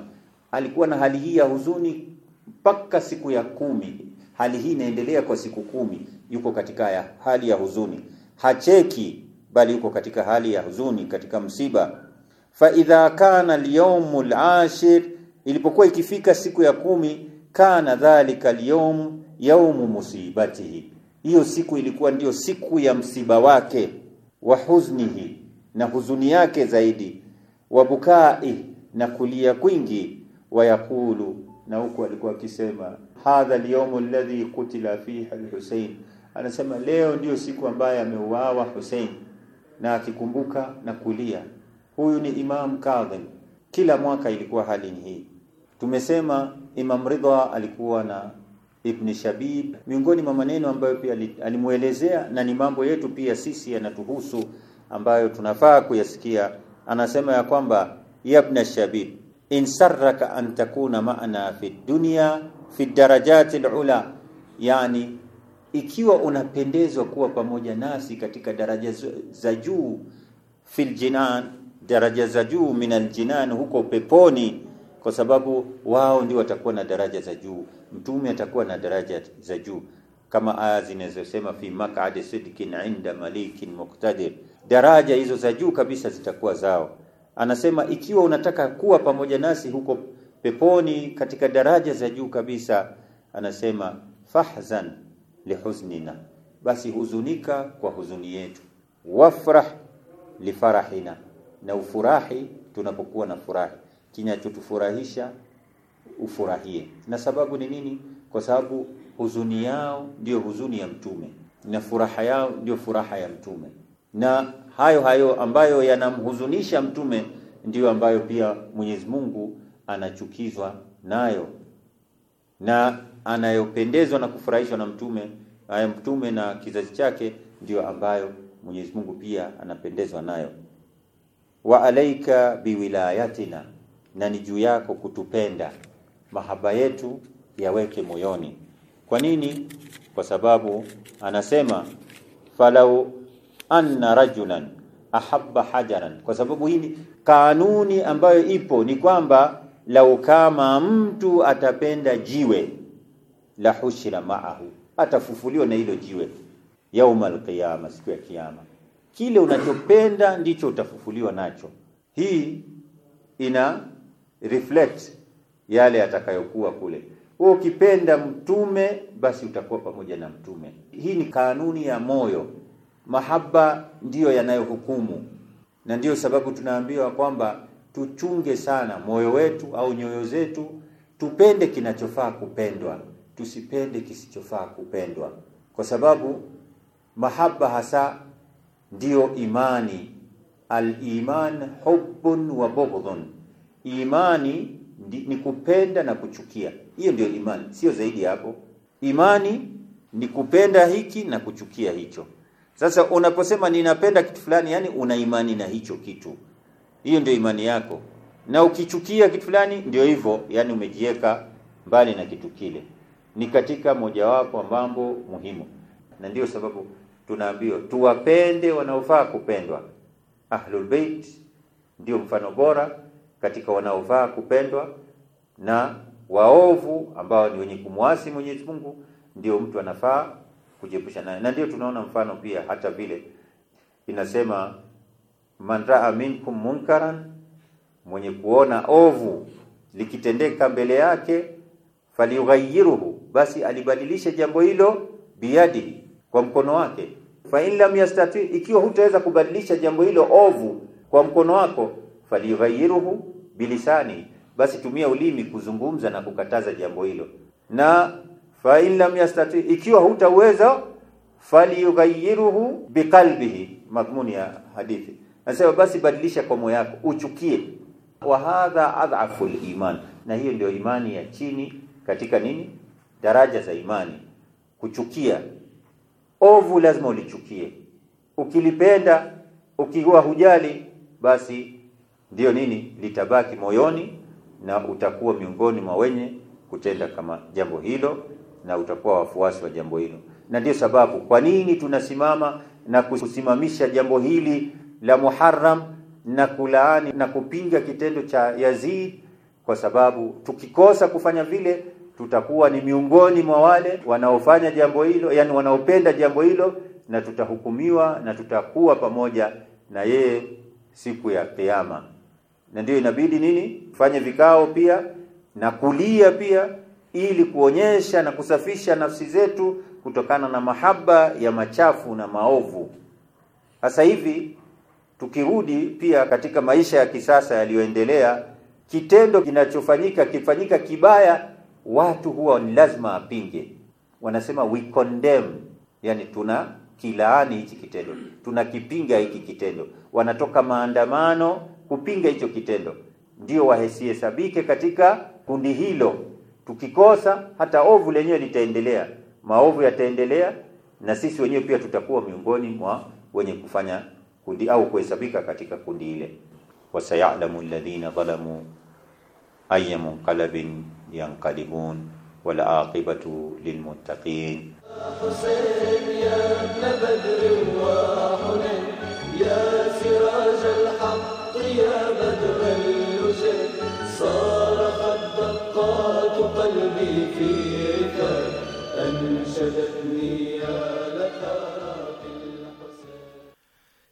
alikuwa na hali hii ya huzuni mpaka siku ya kumi. Hali hii inaendelea kwa siku kumi, yuko katika ya hali ya huzuni, hacheki bali yuko katika hali ya huzuni, katika msiba. Fa idha kana al-yawmul ashir, ilipokuwa ikifika siku ya kumi, kana dhalika al-yawm yawmu musibatihi hiyo siku ilikuwa ndiyo siku ya msiba wake wa huznihi, na huzuni yake zaidi, wa bukai, na kulia kwingi, wayakulu na huku alikuwa akisema hadha alyawmu alladhi kutila fiha alhusain anasema leo ndiyo siku ambayo ameuawa Hussein, na akikumbuka na kulia. Huyu ni Imam Kadhim. Kila mwaka ilikuwa hali hii. Tumesema Imam Ridha alikuwa na Ibn Shabib, miongoni mwa maneno ambayo pia alimwelezea na ni mambo yetu pia sisi yanatuhusu ambayo tunafaa kuyasikia. Anasema ya kwamba yabna shabib in sarraka an takuna maana fi dunya fi darajati alula, yani ikiwa unapendezwa kuwa pamoja nasi katika daraja za juu, fil jinan, daraja za juu min aljinan, huko peponi kwa sababu wao ndio watakuwa na daraja za juu. Mtume atakuwa na daraja za juu kama aya zinazosema fi maq'adi sidqin inda malikin muqtadir. Daraja hizo za juu kabisa zitakuwa zao. Anasema ikiwa unataka kuwa pamoja nasi huko peponi katika daraja za juu kabisa, anasema fahzan lihuznina, basi huzunika kwa huzuni yetu, wafrah lifarahina, na ufurahi tunapokuwa na furahi kinachotufurahisha ufurahie. Na sababu ni nini? Kwa sababu huzuni yao ndiyo huzuni ya mtume na furaha yao ndiyo furaha ya mtume, na hayo hayo ambayo yanamhuzunisha mtume ndiyo ambayo pia Mwenyezi Mungu anachukizwa nayo na anayopendezwa na kufurahishwa na mtume haya eh, mtume na kizazi chake ndiyo ambayo Mwenyezi Mungu pia anapendezwa nayo. wa alaika biwilayatina na ni juu yako kutupenda, mahaba yetu yaweke moyoni. Kwa nini? Kwa sababu anasema falau anna rajulan ahabba hajaran, kwa sababu hili kanuni ambayo ipo ni kwamba lau kama mtu atapenda jiwe la hushira maahu, atafufuliwa na hilo jiwe yaumal qiyama, siku ya Kiyama. Kile unachopenda ndicho utafufuliwa nacho. Hii ina reflect yale yatakayokuwa kule. Wewe ukipenda mtume basi utakuwa pamoja na mtume. Hii ni kanuni ya moyo. Mahaba ndiyo yanayohukumu, na ndiyo sababu tunaambiwa kwamba tuchunge sana moyo wetu au nyoyo zetu, tupende kinachofaa kupendwa, tusipende kisichofaa kupendwa, kwa sababu mahaba hasa ndiyo imani. Al-iman hubbun wa bughdun. Imani ni kupenda na kuchukia, hiyo ndio imani, sio zaidi hapo. Imani ni kupenda hiki na kuchukia hicho. Sasa unaposema ninapenda kitu fulani, yani una imani na hicho kitu, hiyo ndio imani yako. Na ukichukia kitu fulani, ndio hivyo, yani umejiweka mbali na kitu kile. Ni katika mojawapo mambo muhimu, na ndiyo sababu tunaambiwa tuwapende wanaofaa kupendwa. Ahlul Bait ndio mfano bora katika wanaovaa kupendwa na waovu ambao ni wenye kumwasi Mwenyezi Mungu, ndio mtu anafaa kujiepusha naye, na ndio tunaona mfano pia hata vile inasema man raa minkum munkaran, mwenye kuona ovu likitendeka mbele yake falyughayyiruhu, basi alibadilishe jambo hilo biyadihi, kwa mkono wake. Fa in lam yastati, ikiwa hutaweza kubadilisha jambo hilo ovu kwa mkono wako falyughayiruhu bilisani, basi tumia ulimi kuzungumza na kukataza jambo hilo. Na fa in lam yastati, ikiwa hutaweza, falyughayiruhu biqalbihi, madhmuni ya hadithi nasema, basi badilisha kwa moyo wako, uchukie. Wa hadha adhafu liman, na hiyo ndio imani ya chini katika nini, daraja za imani. Kuchukia ovu lazima ulichukie, ukilipenda ukiwa hujali basi ndiyo nini litabaki moyoni na utakuwa miongoni mwa wenye kutenda kama jambo hilo na utakuwa wafuasi wa jambo hilo. Na ndiyo sababu kwa nini tunasimama na kusimamisha jambo hili la Muharram na kulaani na kupinga kitendo cha Yazid, kwa sababu tukikosa kufanya vile tutakuwa ni miongoni mwa wale wanaofanya jambo hilo, yani wanaopenda jambo hilo, na tutahukumiwa na tutakuwa pamoja na yeye siku ya Kiyama na ndio inabidi nini fanye vikao pia na kulia pia ili kuonyesha na kusafisha nafsi zetu kutokana na mahaba ya machafu na maovu. Sasa hivi tukirudi pia katika maisha ya kisasa yaliyoendelea, kitendo kinachofanyika kifanyika kibaya, watu huwa ni lazima apinge, wanasema we condemn, yani tuna kilaani hiki kitendo, tunakipinga hiki kitendo, wanatoka maandamano kupinga hicho kitendo, ndio wasihesabike katika kundi hilo. Tukikosa hata ovu lenyewe litaendelea, maovu yataendelea, na sisi wenyewe pia tutakuwa miongoni mwa wenye kufanya kundi au kuhesabika katika kundi ile. Wasayalamu alladhina zalamu ayya munqalabin yanqalibun wala aqibatu lilmuttaqin. Husayn ya Badr wa Hunayn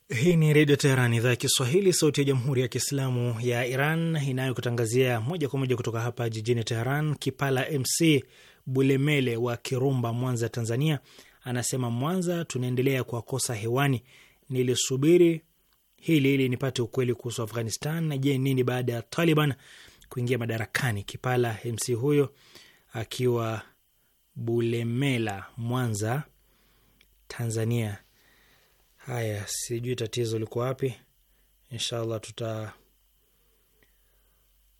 hii ni Redio Teheran, idhaa ya Kiswahili, sauti ya Jamhuri ya Kiislamu ya Iran inayokutangazia moja kwa moja kutoka hapa jijini Teheran. Kipala MC Bulemele wa Kirumba, Mwanza, Tanzania, anasema Mwanza tunaendelea kuwakosa hewani, nilisubiri hili ili nipate ukweli kuhusu Afghanistan na je, nini baada ya Taliban kuingia madarakani? Kipala MC huyo akiwa Bulemela, Mwanza, Tanzania. Haya, sijui tatizo liko wapi. Inshallah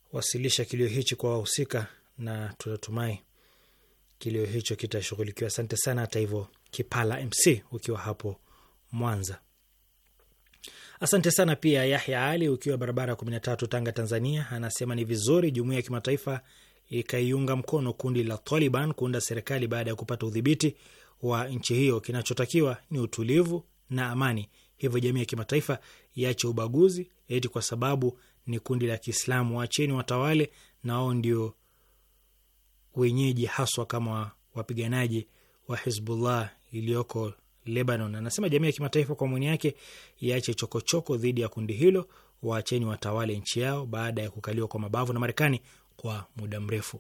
tutawasilisha kilio hichi kwa wahusika na tutatumai kilio hicho kitashughulikiwa. Asante sana hata hivyo, Kipala MC ukiwa hapo Mwanza. Asante sana pia Yahya Ali ukiwa barabara ya tatu Tanga, Tanzania, anasema ni vizuri jumuiya ya kimataifa ikaiunga mkono kundi la Taliban kuunda serikali baada ya kupata udhibiti wa nchi hiyo. Kinachotakiwa ni utulivu na amani, hivyo jamii ya kimataifa iache ubaguzi eti kwa sababu ni kundi la Kiislamu. wacheni watawale, na wao ndio wenyeji haswa, kama wapiganaji wa Hizbullah iliyoko Lebanon. Anasema jamii ya kimataifa kwa maoni yake iache chokochoko dhidi ya kundi hilo, waacheni watawale nchi yao baada ya kukaliwa kwa mabavu na Marekani kwa muda mrefu.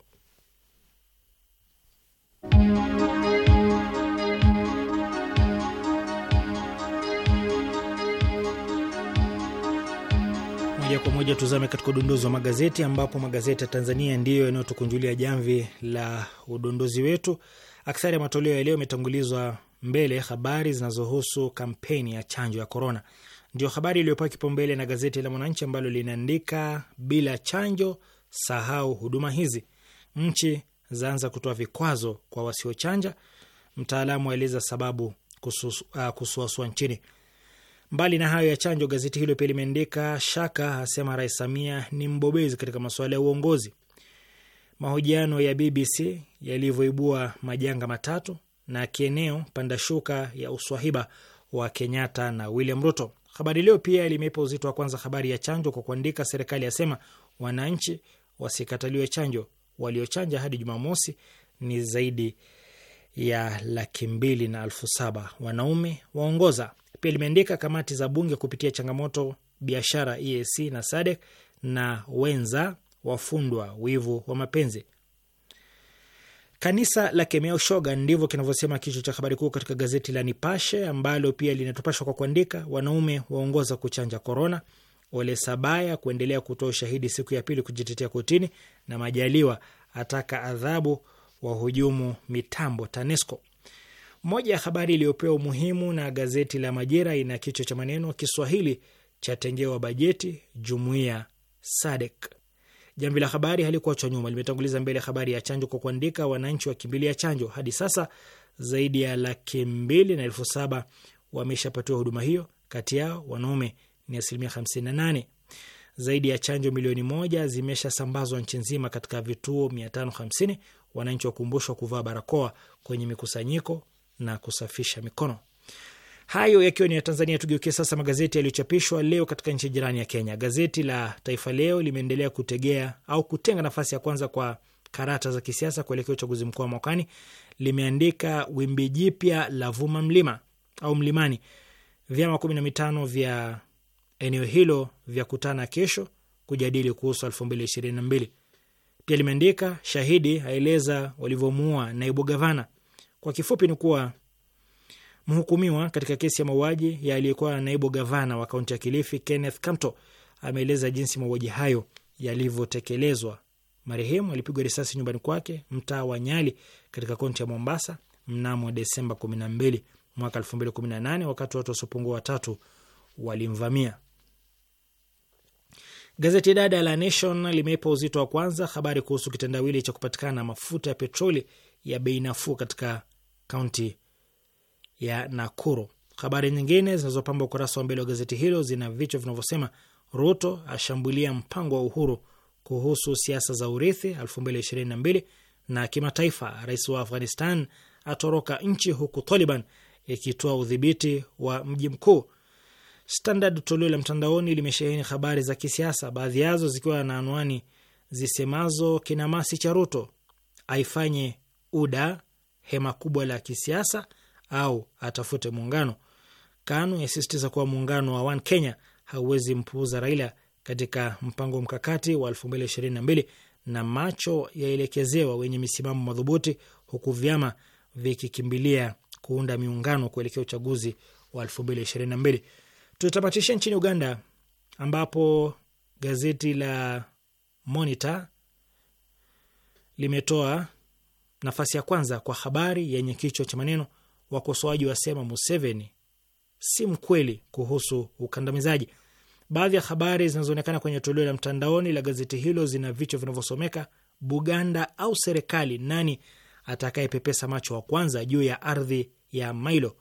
Moja kwa moja tuzame katika udondozi wa magazeti, ambapo magazeti ya Tanzania ndiyo yanayotukunjulia jamvi la udondozi wetu. Akthari ya matoleo ya leo imetangulizwa mbele habari zinazohusu kampeni ya chanjo ya korona. Ndio habari iliyopewa kipaumbele na gazeti la Mwananchi ambalo linaandika bila chanjo sahau huduma hizi, nchi zaanza kutoa vikwazo kwa wasiochanja, mtaalamu aeleza sababu uh, kusuasua kusu nchini. Mbali na hayo ya chanjo, gazeti hilo pia limeandika shaka asema Rais Samia ni mbobezi katika masuala ya uongozi, mahojiano ya BBC yalivyoibua majanga matatu na kieneo panda shuka ya uswahiba wa Kenyatta na William Ruto. Habari Leo pia limeipa uzito wa kwanza habari ya chanjo kwa kuandika, serikali yasema wananchi wasikataliwe chanjo, waliochanja hadi Jumamosi ni zaidi ya laki mbili na elfu saba wanaume waongoza. Pia limeandika kamati za bunge kupitia changamoto biashara EAC na SADC na wenza wafundwa wivu wa mapenzi. Kanisa la kemea ushoga, ndivyo kinavyosema kichwa cha habari kuu katika gazeti la Nipashe, ambalo pia linatupashwa kwa kuandika wanaume waongoza kuchanja korona, Ole Sabaya kuendelea kutoa ushahidi siku ya pili kujitetea kotini, na Majaliwa ataka adhabu wahujumu mitambo TANESCO. Moja ya habari iliyopewa umuhimu na gazeti la Majira ina kichwa cha maneno Kiswahili chatengewa bajeti jumuiya SADC. Jamvi la Habari halikuachwa nyuma, limetanguliza mbele habari ya chanjo kwa kuandika wananchi wakimbilia chanjo. Hadi sasa zaidi ya laki mbili na elfu saba wameshapatiwa huduma hiyo, kati yao wanaume ni asilimia 58. Zaidi ya chanjo milioni moja zimeshasambazwa nchi nzima katika vituo 550. Wananchi wakumbushwa kuvaa barakoa kwenye mikusanyiko na kusafisha mikono. Hayo yakiwa ni ya Tanzania. Tugeukie sasa magazeti yaliyochapishwa leo katika nchi jirani ya Kenya. Gazeti la Taifa Leo limeendelea kutegea au kutenga nafasi ya kwanza kwa karata za kisiasa kuelekea uchaguzi mkuu wa mwakani. Limeandika wimbi jipya la vuma mlima au mlimani, vyama kumi na mitano vya eneo hilo vya kutana kesho kujadili kuhusu elfu mbili ishirini na mbili. Pia limeandika shahidi aeleza walivyomuua naibu gavana. Kwa kifupi ni kuwa Mhukumiwa katika kesi ya mauaji ya aliyekuwa naibu gavana wa kaunti ya Kilifi Kenneth Kamto ameeleza jinsi mauaji hayo yalivyotekelezwa. Marehemu alipigwa risasi nyumbani kwake mtaa wa Nyali katika kaunti ya Mombasa mnamo Desemba 12 mwaka 2018 wakati watu wasiopungua watatu walimvamia. Gazeti dada la Nation limeipa uzito wa kwanza habari kuhusu kitendawili cha kupatikana mafuta ya petroli ya bei nafuu katika kaunti ya Nakuru. Habari nyingine zinazopamba ukurasa wa mbele wa gazeti hilo zina vichwa vinavyosema Ruto ashambulia mpango wa Uhuru kuhusu siasa za urithi 2022 na kimataifa, rais wa Afghanistan atoroka nchi huku Taliban ikitoa udhibiti wa mji mkuu. Standard toleo la mtandaoni limesheheni habari za kisiasa, baadhi yazo zikiwa na anwani zisemazo kinamasi cha Ruto aifanye UDA hema kubwa la kisiasa au atafute muungano. KANU yasisitiza kuwa muungano wa One Kenya hauwezi mpuuza Raila katika mpango mkakati wa 2022 na macho yaelekezewa wenye misimamo madhubuti, huku vyama vikikimbilia kuunda miungano kuelekea uchaguzi wa 2022. Tutamatisha nchini Uganda ambapo gazeti la Monitor limetoa nafasi ya kwanza kwa habari yenye kichwa cha maneno wakosoaji wasema Museveni si mkweli kuhusu ukandamizaji. Baadhi ya habari zinazoonekana kwenye toleo la mtandaoni la gazeti hilo zina vichwa vinavyosomeka Buganda au serikali, nani atakayepepesa macho wa kwanza juu ya ardhi ya Mailo,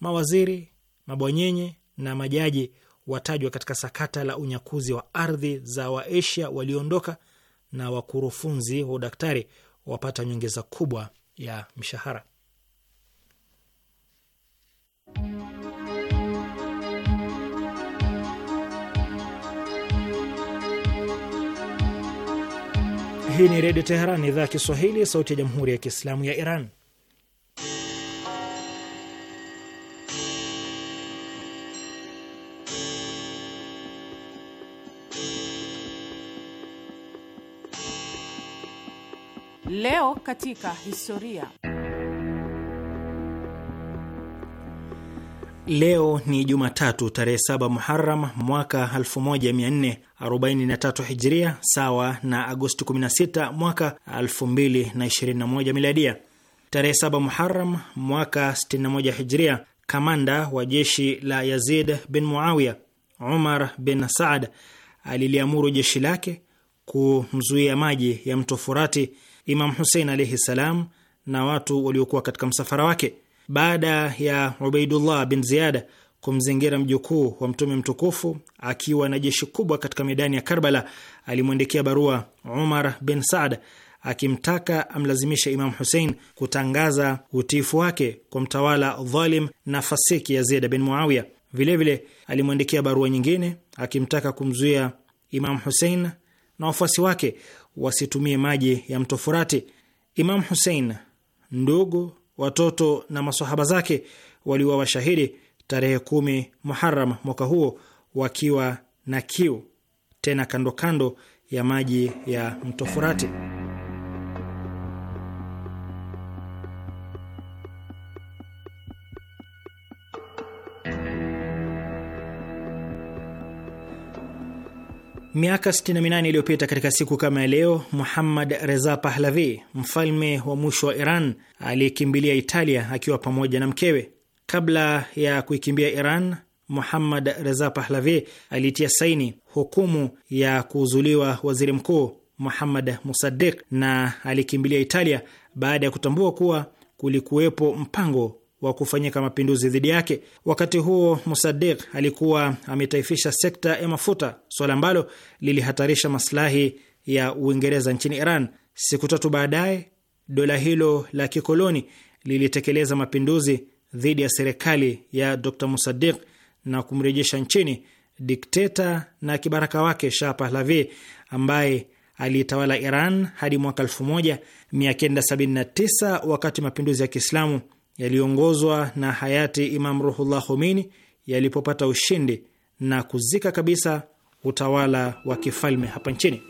mawaziri mabwanyenye na majaji watajwa katika sakata la unyakuzi wa ardhi za Waasia walioondoka, na wakurufunzi wa udaktari wapata nyongeza kubwa ya mshahara. Hii ni Redio Teheran, idhaa ya Kiswahili, sauti ya Jamhuri ya Kiislamu ya Iran. Leo katika historia Leo ni Jumatatu tarehe 7 Muharam mwaka 1443 Hijria, sawa na Agosti 16 mwaka 2021 Miladia. Tarehe 7 Muharam mwaka 61 Hijria, kamanda wa jeshi la Yazid bin Muawiya, Umar bin Saad, aliliamuru jeshi lake kumzuia maji ya mto Furati Imam Husein alaihi salam na watu waliokuwa katika msafara wake baada ya Ubaidullah bin Ziyada kumzingira mjukuu wa mtume mtukufu akiwa na jeshi kubwa katika medani ya Karbala, alimwandikia barua Umar bin Saad akimtaka amlazimishe Imam Husein kutangaza utiifu wake kwa mtawala dhalim na fasiki Yazid bin Muawiya. Vilevile alimwandikia barua nyingine akimtaka kumzuia Imam Husein na wafuasi wake wasitumie maji ya mto Furati. Imam Husein, ndugu watoto na masahaba zake waliwa washahidi tarehe kumi Muharam mwaka huo wakiwa na kiu, tena kando kando ya maji ya mto Furati. Miaka 68 iliyopita katika siku kama ya leo, Muhammad Reza Pahlavi, mfalme wa mwisho wa Iran, aliyekimbilia Italia akiwa pamoja na mkewe. Kabla ya kuikimbia Iran, Muhammad Reza Pahlavi aliitia saini hukumu ya kuuzuliwa waziri mkuu Muhammad Musaddiq na alikimbilia Italia baada ya kutambua kuwa kulikuwepo mpango wa kufanyika mapinduzi dhidi yake. Wakati huo, Musadik alikuwa ametaifisha sekta ya mafuta, suala ambalo lilihatarisha maslahi ya Uingereza nchini Iran. Siku tatu baadaye, dola hilo la kikoloni lilitekeleza mapinduzi dhidi ya serikali ya Dr Musadik na kumrejesha nchini dikteta na kibaraka wake Shah Pahlavi ambaye aliitawala Iran hadi mwaka 1979 wakati mapinduzi ya Kiislamu yaliyoongozwa na hayati Imam Ruhullah Khomeini yalipopata ushindi na kuzika kabisa utawala wa kifalme hapa nchini.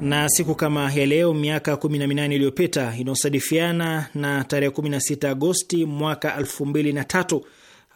na siku kama ya leo miaka 18 iliyopita inayosadifiana na tarehe 16 Agosti mwaka 2003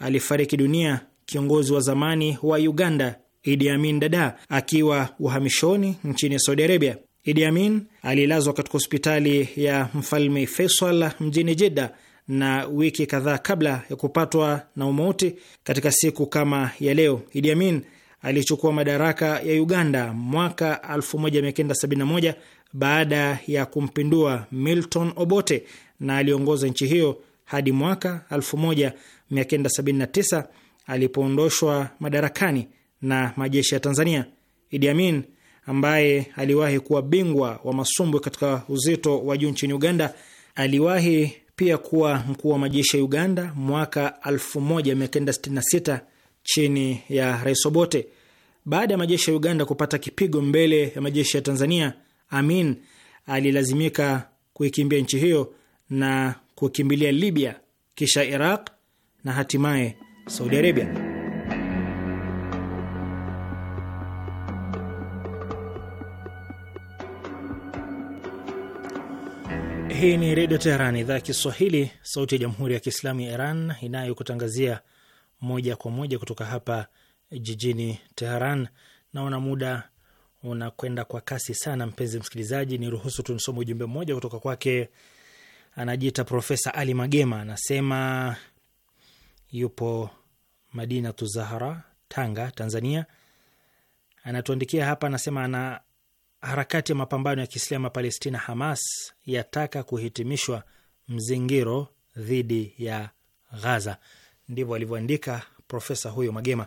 alifariki dunia kiongozi wa zamani wa Uganda Idi Amin Dada akiwa uhamishoni nchini Saudi Arabia. Idi Amin alilazwa katika hospitali ya Mfalme Faisal mjini Jeddah na wiki kadhaa kabla ya kupatwa na umauti katika siku kama ya leo, Idi Amin alichukua madaraka ya Uganda mwaka 1971 baada ya kumpindua Milton Obote na aliongoza nchi hiyo hadi mwaka 1979 alipoondoshwa madarakani na majeshi ya Tanzania. Idi Amin ambaye aliwahi kuwa bingwa wa masumbwi katika uzito wa juu nchini Uganda, aliwahi pia kuwa mkuu wa majeshi ya Uganda mwaka 1966 chini ya Rais Obote. Baada ya majeshi ya Uganda kupata kipigo mbele ya majeshi ya Tanzania, Amin alilazimika kuikimbia nchi hiyo na kukimbilia Libya, kisha Iraq na hatimaye Saudi Arabia. Hii ni Redio Teheran, idhaa ya Kiswahili, sauti ya Jamhuri ya Kiislamu ya Iran inayokutangazia moja kwa moja kutoka hapa jijini Teheran. Naona muda unakwenda kwa kasi sana, mpenzi msikilizaji, ni ruhusu tunisome ujumbe mmoja kutoka kwake. Anajiita Profesa Ali Magema, anasema yupo Madinatu Zahara, Tanga, Tanzania, anatuandikia hapa, anasema ana harakati ya mapambano ya Kiislamu ya Palestina, Hamas, yataka kuhitimishwa mzingiro dhidi ya Ghaza. Ndivyo alivyoandika profesa huyo Magema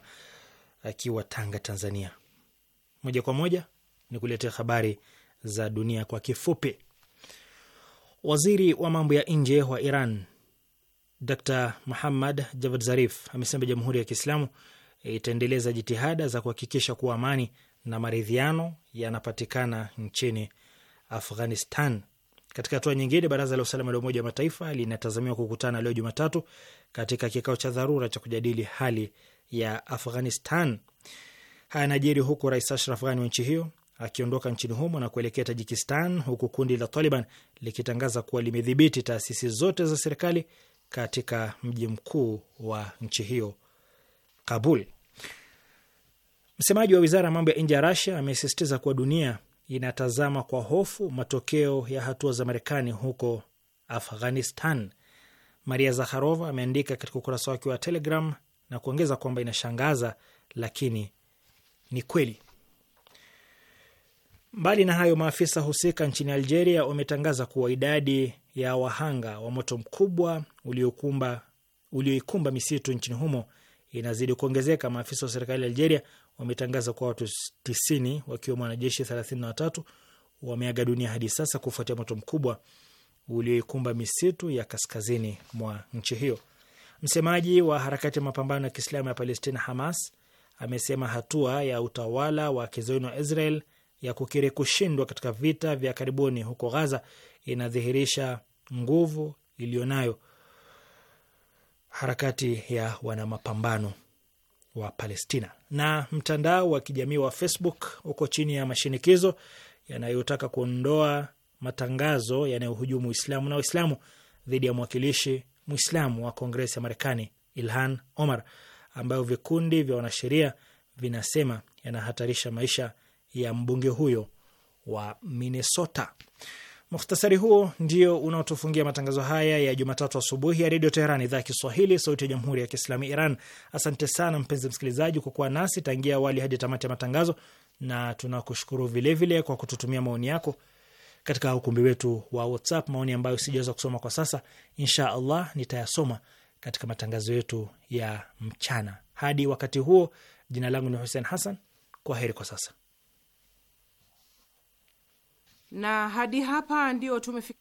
akiwa Tanga, Tanzania. Moja kwa moja ni kuletea habari za dunia kwa kifupi. Waziri wa mambo ya nje wa Iran Dr Muhammad Javad Zarif amesema Jamhuri ya Kiislamu itaendeleza jitihada za kuhakikisha kuwa amani na maridhiano yanapatikana nchini Afghanistan. Katika hatua nyingine, baraza la usalama la Umoja wa Mataifa linatazamiwa kukutana leo Jumatatu katika kikao cha dharura cha kujadili hali ya Afghanistan. Haya najiri huku Rais Ashraf Ghani wa nchi hiyo akiondoka nchini humo na kuelekea Tajikistan, huku kundi la Taliban likitangaza kuwa limedhibiti taasisi zote za serikali katika mji mkuu wa nchi hiyo Kabul. Msemaji wa wizara ya mambo ya nje ya Rasia amesisitiza kuwa dunia inatazama kwa hofu matokeo ya hatua za Marekani huko Afghanistan. Maria Zakharova ameandika katika ukurasa wake wa Telegram na kuongeza kwamba inashangaza, lakini ni kweli. Mbali na hayo, maafisa husika nchini Algeria wametangaza kuwa idadi ya wahanga wa moto mkubwa uliokumba ulioikumba misitu nchini humo inazidi kuongezeka. Maafisa wa serikali ya Algeria wametangaza kuwa watu tisini wakiwemo wanajeshi thelathini na watatu wameaga dunia hadi sasa kufuatia moto mkubwa ulioikumba misitu ya kaskazini mwa nchi hiyo. Msemaji wa harakati ya mapambano ya Kiislamu ya Palestina, Hamas, amesema hatua ya utawala wa kizayuni wa Israel ya kukiri kushindwa katika vita vya karibuni huko Ghaza inadhihirisha nguvu iliyonayo harakati ya wanamapambano wa Palestina. Na mtandao wa kijamii wa Facebook uko chini ya mashinikizo yanayotaka kuondoa matangazo yanayohujumu Uislamu na Waislamu dhidi ya mwakilishi Mwislamu wa Kongresi ya Marekani Ilhan Omar, ambayo vikundi vya wanasheria vinasema yanahatarisha maisha ya mbunge huyo wa Minnesota. Mukhtasari huo ndio unaotufungia matangazo haya ya Jumatatu asubuhi ya Redio Teheran, idhaa ya Kiswahili, sauti ya Jamhuri ya Kiislamu Iran. Asante sana mpenzi msikilizaji kwa kuwa nasi tangia awali hadi tamati ya matangazo, na tunakushukuru vilevile kwa kututumia maoni yako katika ukumbi wetu wa WhatsApp, maoni ambayo sijaweza kusoma kwa sasa. Insha Allah nitayasoma katika matangazo yetu ya mchana. Hadi wakati huo, jina langu ni Hussein Hassan. Kwa heri kwa sasa. Na hadi hapa ndio tumefika